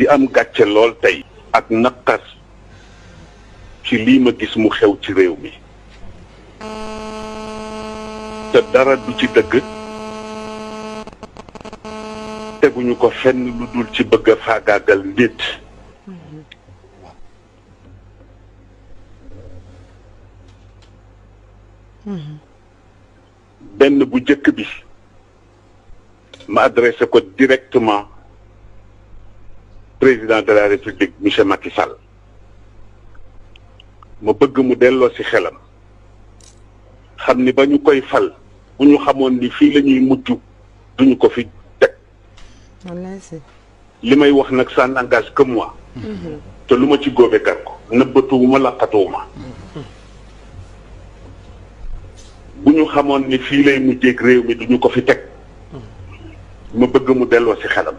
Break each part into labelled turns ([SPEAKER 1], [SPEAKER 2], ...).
[SPEAKER 1] di am gàcce lool tey ak naqar ci lii ma gis mu xew ci réew mi te dara du ci dëgg teguñu ko fenn lu dul ci bëgg a nit benn bu jëkk bi ma adressé ko directement président de la république monsieur Macky Sall ma bëgg mu delloo ci xelam xam ni ba ñu koy fal bu ñu xamoon ni fii la ñuy mujj duñu ko fi teg li may wax nag ça n'engage que moi mm-hmm. te lu ma ci góobe kar ko nëbbatuwuma làqatuwuma mm-hmm. bu ñu xamoon ni fii lay mujjeeg réew mi duñu ko fi teg mm-hmm. ma bëgg mu delloo ci xelam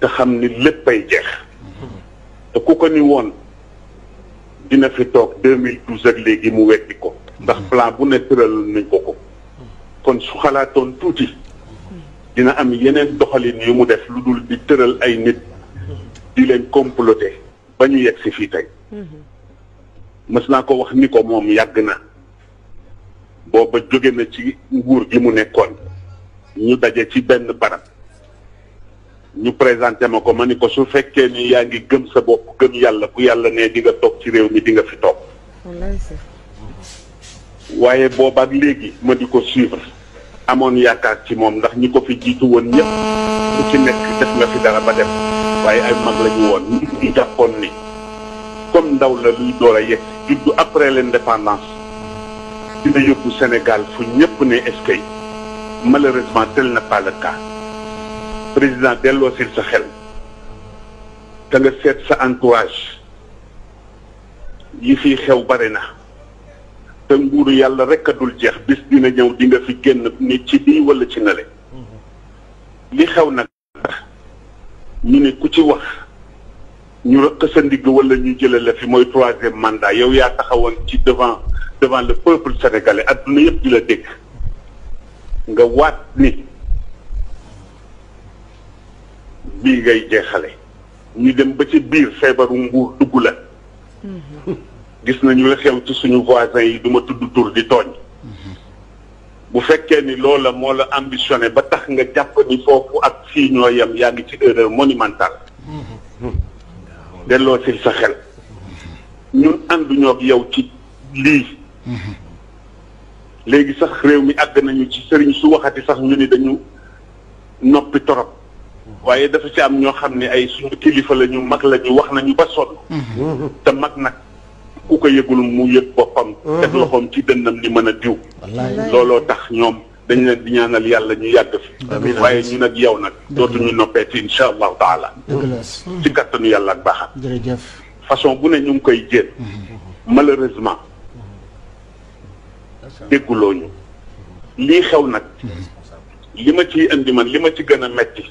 [SPEAKER 1] te xam ni léppay jeex te ku ko ni woon dina fi toog 2012 ak léegi mu weddi ko ndax plan bu ne tëral nañ ko ko kon su xalaatoon tuuti dina am yeneen doxalin yu mu def lu dul di tëral ay nit di leen comploter ba ñu yegg si fii tey mës naa ko wax ni ko moom yàgg na booba jóge na ci nguur gi mu nekkoon ñu daje ci benn barab ñu présenté ma ko ma ni ko su fekkee ni yaa ngi gëm sa bopp gëm yàlla ku yàlla ne di toog ci réew mi di nga fi toog waaye boobaak léegi ma di ko suivre amoon yaakaar ci moom ndax ñi ko fi jiitu woon ñëpp ku ci nekk def nga fi dara ba dem waaye ay mag lañu ñu woon ñi jàppoon ni comme ndaw la luy door a yegg juddu après l'indépendance dina yóbbu Sénégal fu ñëpp ne est-ce que malheureusement tel n'est pas président delloosil sa xel te nga seet sa entourage yi fi xew bare na te nguuru yàlla rek a dul jeex bis dina ñëw di nga fi génn ni ci lii wala ci nale mhm. li xew nag ñu ne ku ci wax ñu rëq sa ndigg wala ñu jële la fi mooy troisième mandat yow yaa taxawoon ci devant devant le peuple sénégalais adduna yëpp di la dégg nga waat ni bii ngay jeexale ñu dem ba ci biir feebaru nguur dugg la gis nañu la xew ci suñu voisins yi duma tudd tur di tooñ bu fekkee ni loola moo la ambitionné ba tax nga jàpp ni foofu ak fiiñoo ñoo yem yaa ngi ci erreur monumentale delloo si sa xel ñun ànduñoo ñoo yow ci lii léegi sax réew mi àgg nañu ci sëriñ su waxati sax ñu ni dañu noppi torop waaye dafa ci am ñoo xam ne ay suñu kilifa la ñu mag la ñu wax nañu ba sonn. te mag nag ku ko yëgul mu yëg boppam. teg loxoom ci dënnam ni mën a diw. looloo tax ñoom dañ leen di ñaanal yàlla ñu yàgg fi. waaye ñu nag yow nag. dootuñu noppeeti incha allahu taala. ci kattanu yàlla ak baaxam. jërëjëf façon bu ne ñu ngi koy jéem. malheureusement. dégguloo ñu. lii xew nag. li ma ciy indi man li ma ci gën a metti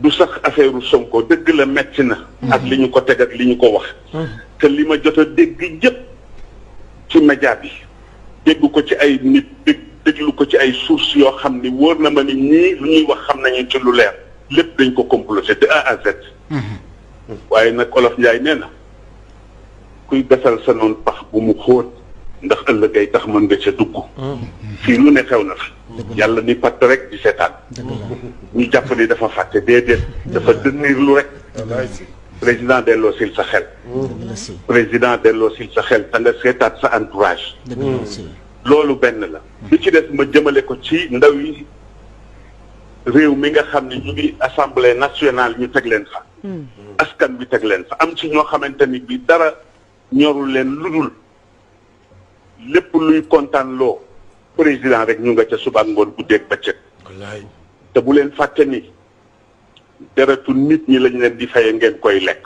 [SPEAKER 1] du sax affaire Sonko dëgg la metti na. Mm-hmm. ak li ñu ko teg ak li ñu ko wax. Mm-hmm. te li ma jot a dégg yëpp ci média bi. dégg ko ci ay nit dégg déglu ko ci ay suuf yoo xam ni wóor na ma ni ñii lu ñuy wax xam nañu ci lu leer lépp dañ ko comploté de A à
[SPEAKER 2] mm-hmm.
[SPEAKER 1] waaye nag Olof Njaay nee na kuy gasal sa noonu pax bu mu xóot. ndax ëllëg ay tax mën nga ca dugg. fii lu ne xew na fa. yàlla ni patt rek di seetaan. ñu jàpp ni dafa fàtte déedéet. dafa dënniir lu rek. président dello sil sa xel. président dello sil sa xel da nga seetaat sa entourage. loolu benn la. li ci des ma jëmale ko ci ndaw yi réew mi nga xam ne ñu ngi assemblée nationale ñu teg leen fa. Hmm. askan bi teg leen fa am ci ñoo xamante ni bi dara ñorul leen ludul. lépp luy kontaan loo président rek ñu nga ca suba ak ngoon guddeeg bëccëg te bu leen fàtte ni deretu nit ñi lañ leen di faye ngeen koy lekk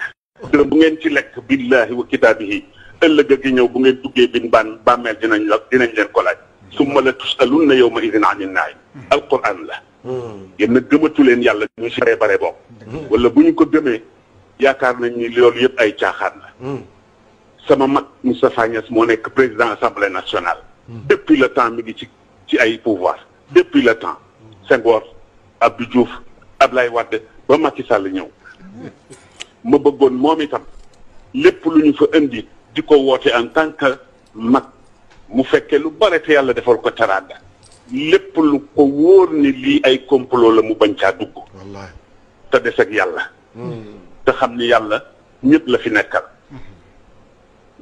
[SPEAKER 1] dërëm bu ngeen ci lekk billaahi wa yi ëllëg a gi ñëw bu ngeen duggee bin baan bàmmeel dinañ la dinañ leen ko laaj na yow ma yawma idin anin naim alquran la hmm. yéen gëmatu leen yàlla ñu si bare bare boobu hmm. wala bu ñu ko gëmee yaakaar nañ ni loolu yëpp ay caaxaan la hmm. sama mag Moustapha Niasse mo nek président assemblée nationale. Hmm. depuis le temps mi ci ci ay pouvoir depuis le temps Senghor Abdou Diouf Ablaye Wade ba Macky Sall ñew ma bëggoon momi tam lepp lu ñu fa indi diko woté en tant que mag mu fekkee lu bare te yàlla defal ko teraanga lepp lu ko wóor ni lii ay complot la mu bañ caa dugg. te des ak yàlla. Hmm. te xamni yalla yàlla la fi nekkal.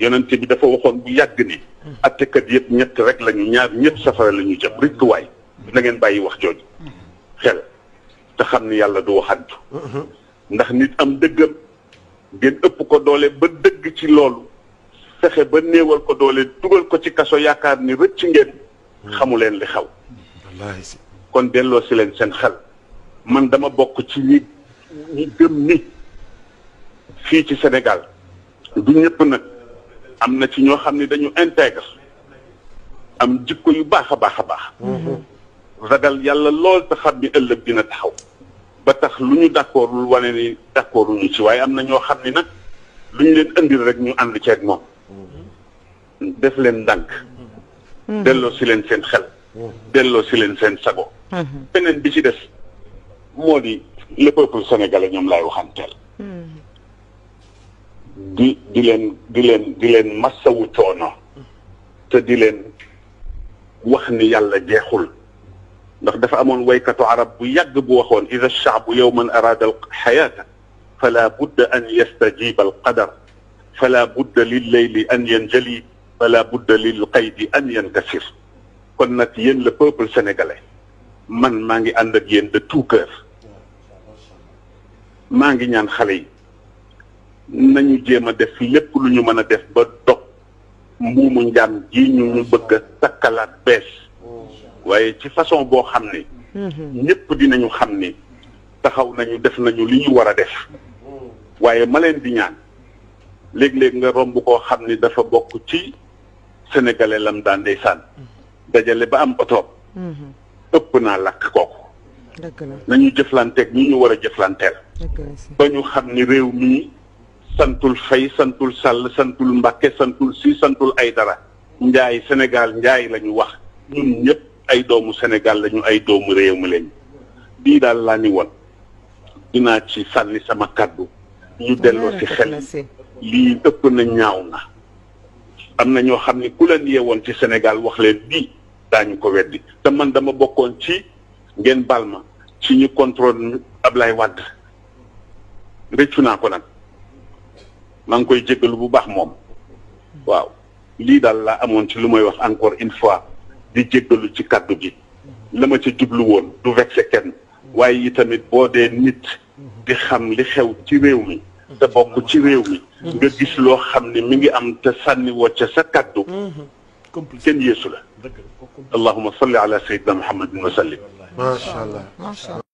[SPEAKER 1] yonent bi dafa waxoon bu yàgg ni attekat yëpp ñett rek lañu ñaar ñëpp safara la ñu jëm rikkuwaay na ngeen bàyyi wax jooju xel te xam ni yàlla du waxantu ndax nit am dëggam ngeen ëpp ko doole ba dëgg ci loolu fexe ba néewal ko doole dugal ko ci kaso yaakaar ni rëcc ngeen xamu leen li xaw kon delloo si leen seen xel man dama bokk ci ñi ñi gëm ni fii ci senegal du ñëpp nag am na ci ñoo xam ne dañu intègre am jikko yu baax a baax a baax mm-hmm. ragal yàlla lool te xam ni ëllëg dina taxaw ba tax lu ñu d'accordul wane ni d'accorduñu ci waaye am na ñoo xam ni nag lu ñu leen indil rek ñu ànd ceeg moom mm-hmm. def leen ndànk mm-hmm. delloo si leen seen xel delloo si leen seen sago beneen bi ci des moo di le peuple sénégalais ñoom laay waxanteel di di leen di leen di leen massawu coono te di leen wax ni yàlla jeexul ndax dafa amoon waykatu arab bu yàgg bu waxoon ida alchaabu yowman araada alxayaata fala budda an yastajiba alqadar fala budda lilleyli an yanjali fala budda lilqaydi an yankasir kon nag yéen le peuple sénégalais man maa ngi ànd ak yéen de tout cœur maa ngi ñaan xale yi nañu jéem a def lépp lu ñu mën a def ba dog mbuumu njaam ji ñu ñu bëgg a takkalaat bees waaye ci façon boo xam ne ñëpp dinañu xam ni taxaw nañu def nañu li ñu war a def waaye ma leen di ñaan léeg-léeg nga romb koo xam ni dafa bokk ci sénégalais lam daan ndeysaan dajale ba am oto ëpp naa lakk kooku nañu jëflanteeg ñi ñu war a jëflanteel ba ñu xam ni réew mii santul fay santul sàll santul mbàkke santul si santul ay dara njaay sénégal njaay la wax ñun ñëpp ay doomu senegal lañu ay doomu réew mi lañu bii daal laa ni woon dinaa ci sànni sama kàddu ñu delloo ci xel lii ëpp na ñaaw na am na ñoo xam ne ku leen woon ci sénégal wax leen bii daañu ko weddi te man dama bokkoon ci ngeen baal ma ci ñu contrôle Ablaye Wade rëccu naa ko nag maa ngi koy jéggalu bu baax moom waaw lii daal laa amoon ci lu may wax encore une fois di jéggalu ci kàddu gi la ma ca jublu woon du vexé kenn waaye itamit boo dee nit di xam li xew ci réew mi te bokk ci réew mi nga gis loo xam ne mi ngi am te sànni woo ca sa kàddu kenn yeesu la allahuma salli ala sayyidina muhammadin wa sallim allah